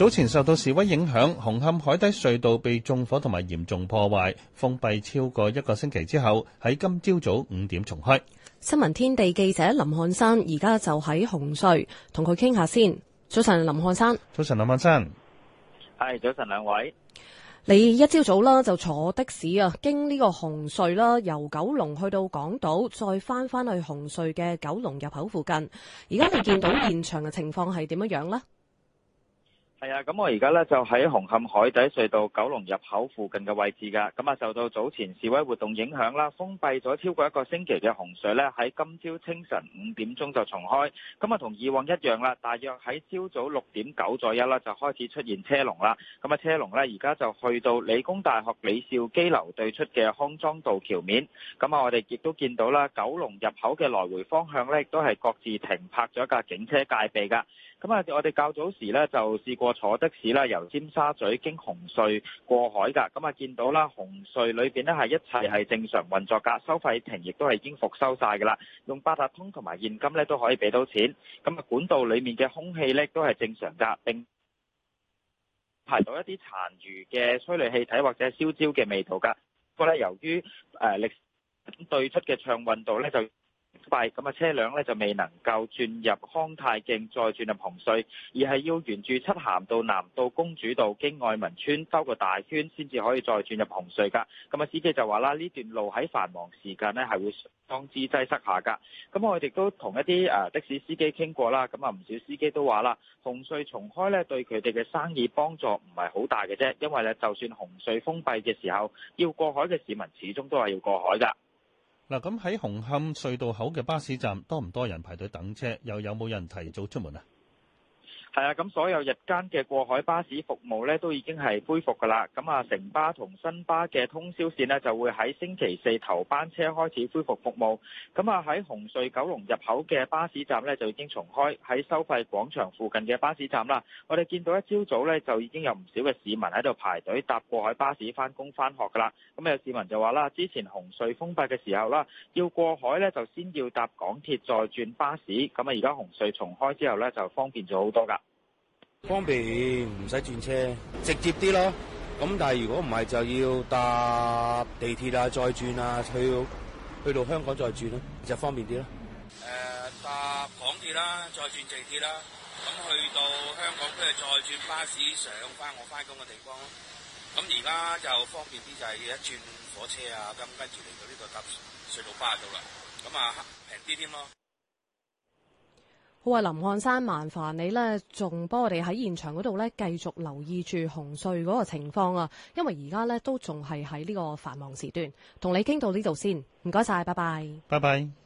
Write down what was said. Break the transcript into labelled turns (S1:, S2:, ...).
S1: 早前受到示威影響，紅磡海底隧道被縱火同埋嚴重破壞，封閉超過一個星期之後，喺今朝早五點重開。
S2: 新聞天地記者林漢山現在在，而家就喺紅隧同佢傾下先。早晨，林漢山。早晨，林漢山。
S1: 係早晨，兩位。
S2: 你一朝早啦，就坐的士啊，經呢個紅隧啦，由九龍去到港島，再翻翻去紅隧嘅九龍入口附近。而家你見到現場嘅情況係點樣樣呢？
S1: 啊、嗯，咁我而家咧就喺紅磡海底隧道九龍入口附近嘅位置噶，咁啊受到早前示威活動影響啦，封閉咗超過一個星期嘅紅隧咧，喺今朝清晨五點鐘就重開，咁啊同以往一樣啦，大約喺朝早六點九左右啦就開始出現車龍啦，咁啊車龍咧而家就去到理工大學李兆基樓對出嘅康莊道橋面，咁啊我哋亦都見到啦，九龍入口嘅來回方向咧亦都係各自停泊咗一架警車戒備噶。咁啊，我哋較早時咧就試過坐的士啦，由尖沙咀經紅隧過海㗎。咁啊，見到啦，紅隧裏面呢，係一切係正常運作㗎，收費亭亦都係已經復收晒㗎啦。用八達通同埋現金咧都可以俾到錢。咁啊，管道裏面嘅空氣咧都係正常㗎，並排到一啲殘餘嘅催淚氣體或者燒焦嘅味道㗎。不過咧，由於誒、呃、歷史對出嘅暢運道咧就。咁啊，車輛咧就未能夠轉入康泰徑，再轉入紅隧，而係要沿住漆咸道、南道、公主道經愛民邨兜個大圈，先至可以再轉入紅隧噶。咁啊，司機就話啦，呢段路喺繁忙時間呢係會相當之擠塞下噶。咁我哋都同一啲誒的士司機傾過啦，咁啊唔少司機都話啦，紅隧重開呢對佢哋嘅生意幫助唔係好大嘅啫，因為咧就算紅隧封閉嘅時候，要過海嘅市民始終都係要過海噶。嗱，咁喺紅磡隧道口嘅巴士站多唔多人排隊等車？又有冇人提早出門呀？係啊、嗯，咁所有日間嘅過海巴士服務咧都已經係恢復㗎啦。咁啊，城巴同新巴嘅通宵線呢，就會喺星期四頭班車開始恢復服務。咁啊，喺紅隧九龍入口嘅巴士站呢，就已經重開喺收費廣場附近嘅巴士站啦。我哋見到一朝早呢，就已經有唔少嘅市民喺度排隊搭過海巴士翻工翻學㗎啦。咁有市民就話啦，之前紅隧封閉嘅時候啦，要過海呢，就先要搭港鐵再轉巴士。咁啊，而家紅隧重開之後呢，就方便咗好多㗎。
S2: 方便
S1: 唔使轉車，直接啲咯。咁但係如果唔係就要搭地鐵啊，再轉啊，去去到香港再轉咯，就方便啲咯。誒、呃，搭港鐵啦，再轉地鐵啦。咁去到香港佢係再轉巴士上翻我翻工嘅地方咯。咁而家就方便啲就係、是、一轉火車啊，咁跟住嚟到呢度搭隧道巴士度啦。咁啊平啲添咯。
S2: 好啊，林漢山，麻煩你咧，仲幫我哋喺現場嗰度咧，繼續留意住紅隧嗰個情況啊，因為而家咧都仲係喺呢個繁忙時段。同你傾到呢度先，唔該晒，拜拜，
S1: 拜拜。